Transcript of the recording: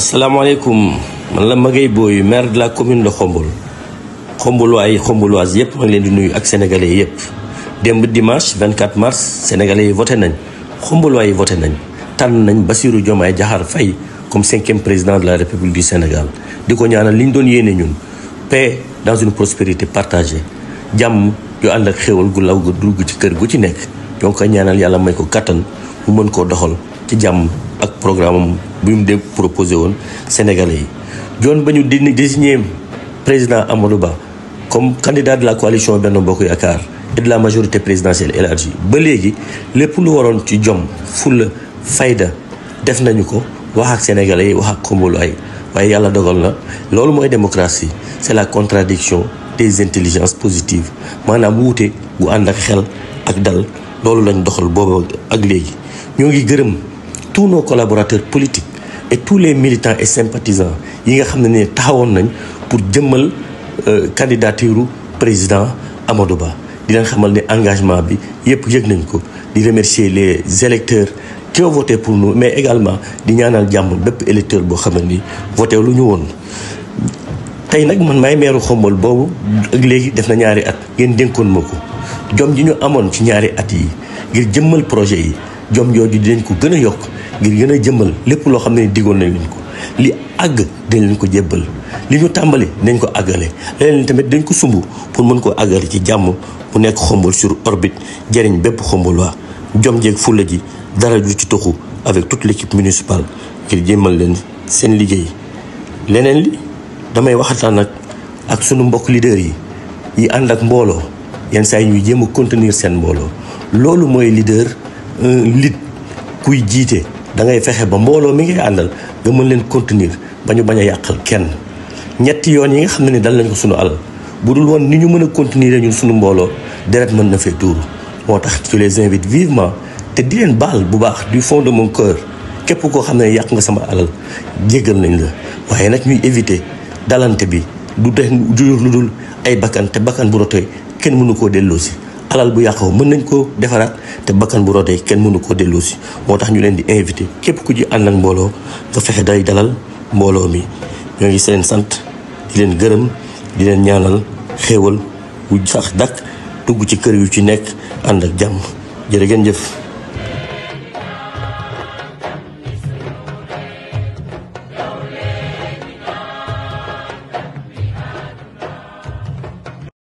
asalaamaaleykum man la Maguette Boye maire de la commune de Khombole Khombole waay Khomboloise yëpp ma ngi leen di nuyu ak sénégalais yëpp démb dimanche 24 mars sénégalais yi voté nañ Khombole waay nañ tànn nañ Bassirou Diomaye Diakhar fay comme cinquième président de la République du Sénégal di ko ñaanal li ñu doon yéene ñun paix dans une prospérité partagée jàmm yu ànd ak xéwal gu law gu dugg ci kër gu ci nekk ñoo ngi ñaanal yàlla may ko kattan mu mën koo doxal ci jàmm ak programme bu mu de proposé woon Sénégalais yi yoon ba ñu dindi désigné président amalu Ba comme candidat de la coalition Benno Bokk Yaakaar et de la majorité présidentielle élargie ba léegi lépp lu waroon ci jom fulla fayda def nañu ko wax ak Sénégalais yi wax ak komboluwaay waaye yàlla dogal na loolu mooy démocratie c'est la contradiction des intelligences positives maanaam wuute gu ànd ak xel ak dal loolu lañ doxal booba ak léegi ñoo ngi gërëm tous nos politiques et tous les militants et sympathisants yi nga xam ne ni taxawoon nañ pour jëmmal euh, candidature président Amadou Ba di leen xamal ne engagement bi yëpp yëg nañ ko di remercier les électeurs qui ont voté pour nous mais également di ñaanal jàmm bépp électeur boo xam ne ni voté lu ñu woon tey nag man maay meeru xombal boobu ak léegi def na ñaari at ngeen dénkoon ma ko jom ji ñu amoon ci ñaari at yi ngir jëmmal projet yi jom jooju dinañ ko gën a yokk ngir gën a jëmmal lépp loo xam ne diggoon nañ leen ko li àgg dañ leen ko jébbal li ñu tàmbali dañ ko àggale leneen tamit dañ ko sumb pour mën koo àggale ci jàmm mu nekk xombal sur orbite jëriñ bépp xombal waa jom jeeg fulla ji dara ju ci toxu avec toute l'équipe municipale ngir jëmmal leen seen liggéey leneen li damay waxataan ak sunu mbokk leader yi yi ànd ak mbooloo yenn saa yi ñuy jéem a contenir seen mbooloo loolu mooy leader un euh, kuy jiite da ngay fexe ba mbooloo mi ngay àndal nga mën leen contenir ba ñu bañ a yàqal kenn ñetti yoon yi nga xam ne ni dal nañ ko suñu alal bu dul woon ni ñu mën a continuer ñu suñu mbooloo deret mën na fee tuuru moo tax je les invite vivement te di leen baal bu baax du fond de mon cœur képp koo xam ne yàq nga sama alal jéggal nañu la waaye nag ñuy éviter dalante bi du te jur lu dul ay bakkan te bakkan bu rotoy kenn mënu koo delloosi alal bu yàqoo mën nañ ko defaraat te bakkan bu rotee kenn mënu ko delloosi moo tax ñu leen di invité képp ku ji ànd ak mbooloo nga fexe day dalal mbooloo mi ñoo ngi seen sant di leen gërëm di leen ñaanal xéewal bu sax dakk dugg ci kër yu ci nekk ànd ak jàmm jërë ngeen jëf